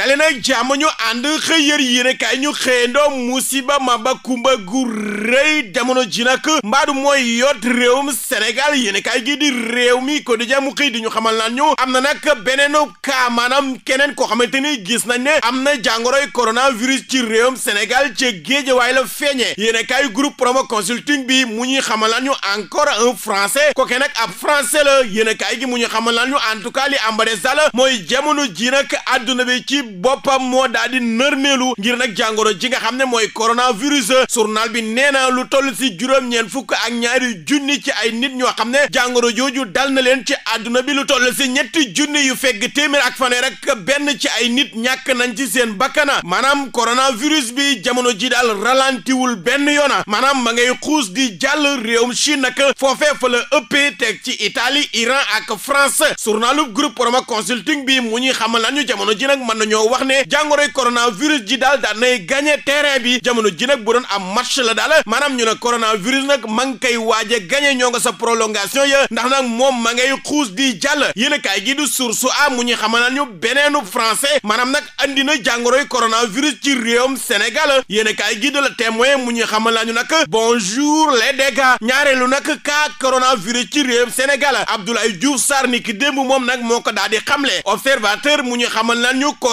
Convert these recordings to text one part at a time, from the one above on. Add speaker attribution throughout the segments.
Speaker 1: dale nag jàmm ñu ànd xëy yër yéene kaay ñu xëyandoo musiba ma kumba gu rëy jamono ji nag mbaadu mooy yot réewum Sénégal yéene kaay gi di réew mi ko di jàmm xëy di ñu xamal naan ñu am na nag beneen kaa maanaam keneen koo xamante ni gis nañ ne am na jàngoroy coronavirus ci réewum Sénégal ca Géejawaay la feeñee yéene kaay groupe promo consulting bi mu ñuy xamal naan ñu encore un français kooke nag a français la yéene kaay gi mu ñuy xamal naan ñu en tout cas li ambade sall mooy jamono ji nag àdduna bi boppam moo daal di nërmeelu ngir nag jàngoro ji nga xam ne mooy coronavirus journal bi nee na lu toll si juróom ñeen fukk ak ñaari junni ci ay nit ñoo xam ne jàngoro jooju dal na leen ci àdduna bi lu toll si ñetti junni yu fegg téeméer ak fanweer rek benn ci ay nit ñàkk nañ ci seen bakkana maanaam coronavirus bi jamono ji daal ralentiwul benn yoona maanaam ma ngay xuus di jàll réewum Chine nag foofee fa la ëppee teg ci Italie Iran ak France journalub groupe Proma Consulting bi mu ñuy xamal nañu jamono ji nag mën nañoo ñoo wax ne jàngoroy coronavirus ji daal daan nay gagné terrain bi jamono ji nag bu doon am match la daal maanaam ñu ne coronavirus nag ma ngi koy waaj a gagné ñoo nga sa prolongation ya ndax nag moom ma ngay xuus di jàll yéen a kaay gi du source a mu ñu xamal ñu beneenu français maanaam nag andi na jàngoroy coronavirus ci réewum Sénégal yéen a kaay gi de la témoin mu ñu xamal ñu nag bonjour les dégâts ñaareelu nag ka coronavirus ci réewum Sénégal Abdoulaye Diouf Sarr ki démb moom nag moo ko daal di xamle observateur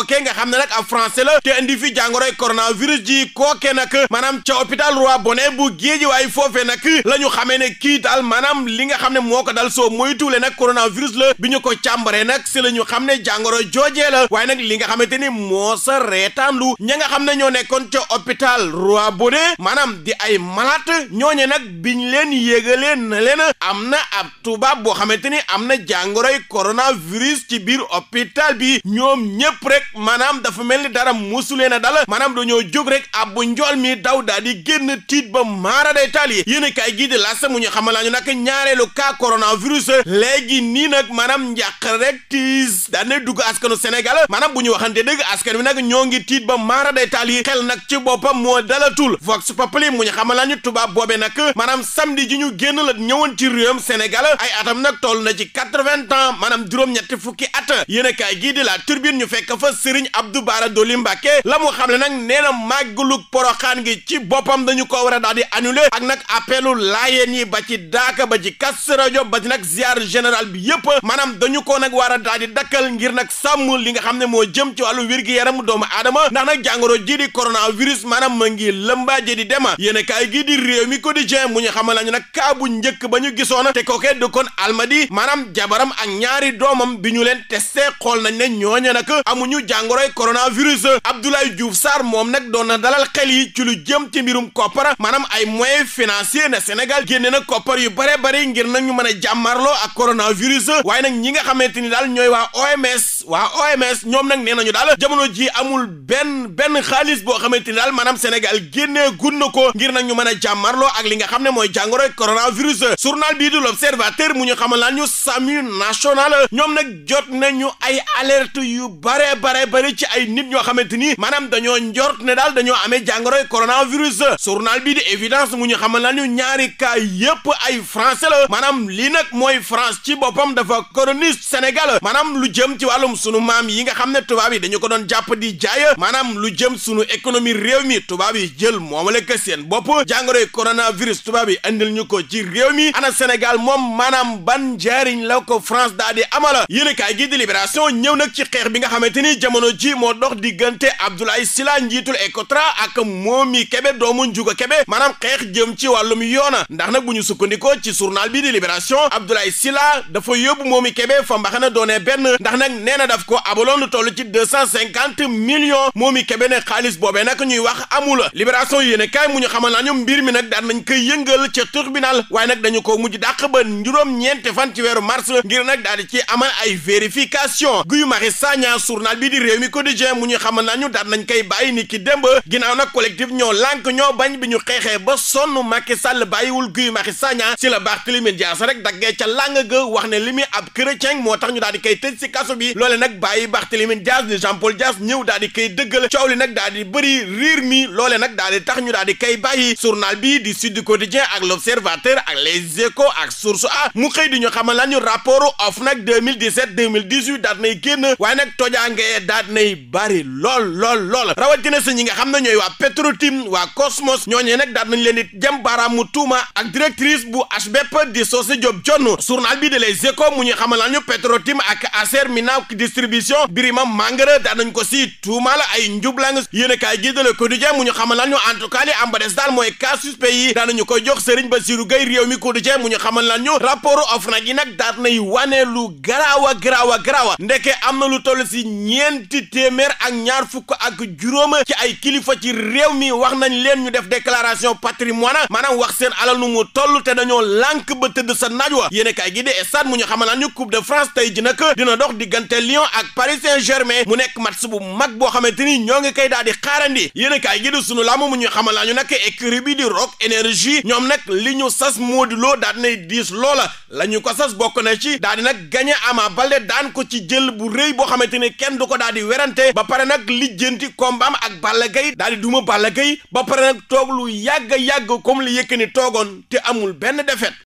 Speaker 1: kookee nga xam ne nag ab français la te indi fi jàngoroy coronavirus ji kookee nag maanaam ca hôpital Roi Bonnet bu Guédiawaye foofee nag la ñu xamee ne kii daal maanaam li nga xam ne moo ko dal soo moytuwulee nag coronavirus la bi ñu ko càmbaree nag si la ñu xam ne jàngoro joojee la waaye nag li nga xamante ni moo sa reetaanlu ña nga xam ne ñoo nekkoon ca opital Roi Bonnet maanaam di ay malade ñooñe nag biñ leen yéegalee na leen am na ab tubaab boo xamante ni am na jàngoroy coronavirus ci biir hôpital bi ñoom ñëpp rek. maanaam dafa mel ni dara musulee na dala maanaam ñëw jóg rek ab bu njool mi daw daa di génn tiit ba maara day taal yi yéen a kaay gii di laas mu ñu xamal laa ñu nag ñaareelu cas coronavirus léegi nii nag maanaam njàqare rek tiis daan dugg dugg askanu Sénégal maanaam bu ñu waxante dëgg askan wi nag ñoo ngi tiit ba maara day taal yi xel nag ci boppam moo dalatul vox populi mu ñu xamal laa ñu tubaab boobee nag maanaam samedi ji ñu génn la ñëwoon ci réewum Sénégal ay atam nag toll na ci quatre maanaam juróom fukki at yéen a kaay gii di la turbine ñu fekk Serigne Abdou Bara Dolly Mbacké la mu xam ne nag nee na màggalug poroxaan gi ci boppam dañu ko war a daal di annuler ak nag appelu laayeen yi ba ci daaka ba ci Kazu Rajab ba ci nag ziar général bi yépp maanaam dañu ko nag wara a daal dakkal ngir nag sàmm li nga xam ne moo jëm ci wàllu wér gi yaram doomu aadama ndax nag jàngoro ji di coronavirus maanaam ma ngi lëmbaaje di dema yéen a kaay gii di réew mi quotidien mu ñu xamal lañu nag kaa bu njëkk ba ñu gisoona te kookee dëkkoon almadi maanaam jabaram ak ñaari doomam bi ñu leen testé xool nañ jàngoroy coronavirus Abdoulaye Diouf Sarr moom nag doon na dalal xel yi ci lu jëm ci mbirum koppar maanaam ay moyens financiers ne Sénégal génne na koppar yu bare bari ngir na ñu mën a jàmmarloo ak coronavirus waaye nag ñi nga xamante ni daal ñooy waa OMS waa o OMS ñoom nag nee nañu daal jamono ji amul benn benn xaalis boo xamante ni daal maanaam Sénégal génne gun na ko ngir nag ñu mën a jàmmarloo ak li nga xam ne mooy jàngoroy coronavirus journal bii du l'Observateur mu ñu xamal laan ñu SAMU national ñoom nag jot nañu ay alerte yu bare bëri ci ay nit ñoo xamante ni maanaam dañoo njort ne daal dañoo amee jàngoroy coronavirus journal bi di évidence mu ñu xamal na ñaari cas yépp ay français la maanaam lii nag mooy France ci boppam dafa colonise Sénégal maanaam lu jëm ci wàllum sunu maam yi nga xam ne tubaab yi dañu ko doon jàpp di jaay maanaam lu jëm sunu économie réew mi tubaab yi jël moomale ko seen bopp jàngoroy coronavirus tubaab yi andil ñu ko ci réew mi ana Sénégal moom maanaam ban njariñ la ko France daal di a kaay gi di libération jamono ji moo dox diggante Abdoulaye Sylla njiitul Ecotra ak Momi Kébé doomu Ndiouga Kébé maanaam xeex jëm ci wàllum yoona ndax nag bu ñu sukkandikoo ci journal bi di Libération Abdoulaye Sylla dafa yóbbu Momi Kébé fa mbaxana doonee benn ndax nag nee na daf ko abaloon lu toll ci deux cent cinquante millions Momi Kébé ne xaalis boobee nag ñuy wax amul Libération yéene kaay mu ñu xamal naa ñu mbir mi nag daan nañ koy yëngal ca tribunal waaye nag dañu ko mujj dàq ba juróom-ñeenti fan ci weeru mars ngir nag daal di ci amal ay vérification Guy Marius Sagna journal bi di réew mi quotidien mu ñu xamal nañu daal nañ koy bàyyi ni ki démb ginnaaw nag collectif ñoo lànk ñoo bañ bi ñu xeexee ba sonn Macky Sall bàyyiwul Guy Marius si la Barthélémy Dias rek daggee ca làng ga wax ne li muy ab chrétien moo tax ñu daal di koy tëj si kaso bi loole nag bàyyi Barthélémy Dias ni Jean Paul Dias ñëw daal di koy dëggal coow li nag daal di bëri riir mi loole nag daal di tax ñu daal di koy bàyyi journal bi di Sud Quotidien ak l'Observateur ak les Échos ak Source A mu xëy di ñu xamal nañu rapport OFNAC 2017 2018 daat nay bari lool lool lool rawatina sa ñi nga xam ne ñooy waa Petro-Tim waa Cosmos ñooñee nag daat nañ jëm baaraamu tuuma ak directrice bu HBEP di Socé Diop Dione journal bi de Les Échos mu ñu xamal ñu Petro-Tim ak Acer Minam distribution Birima Mangara daat nañ ko si tuumaal ay njublang yéen a kaay gi de Le Quotidien mu ñu xamal ñu en tout cas li am mooy cas suspect yi daan nañu koy jox Serigne Bassirou Gueye réew mi mu ñu xamal a a ñeenti téeméer ak ñaar fukk ak juróom ci ay kilifa ci réew mi wax nañ leen ñu def déclaration patrimoine maanaam wax seen alal nu te dañoo lànk ba tëdd sa naaj wa yéen kaay gi de stade mu ñu xamal ñu coupe de France tey ji nag dina dox diggante Lyon ak Paris germain mu nekk match bu mag boo xamante ñu xamal ñu nag di Rock Énergie ñoom nag li ñu sas Modou Lo daal di nay diis loola la ñu ko sas bokk na ci daal di nag gagné Ama Baldé daan ko ci jël daal werante ba pare nag lijjanti kombaam ak Balla Gaye daal di duma Balla Gaye ba pare toog lu yàgg yàgg comme li Yékini toogoon te amul benn defet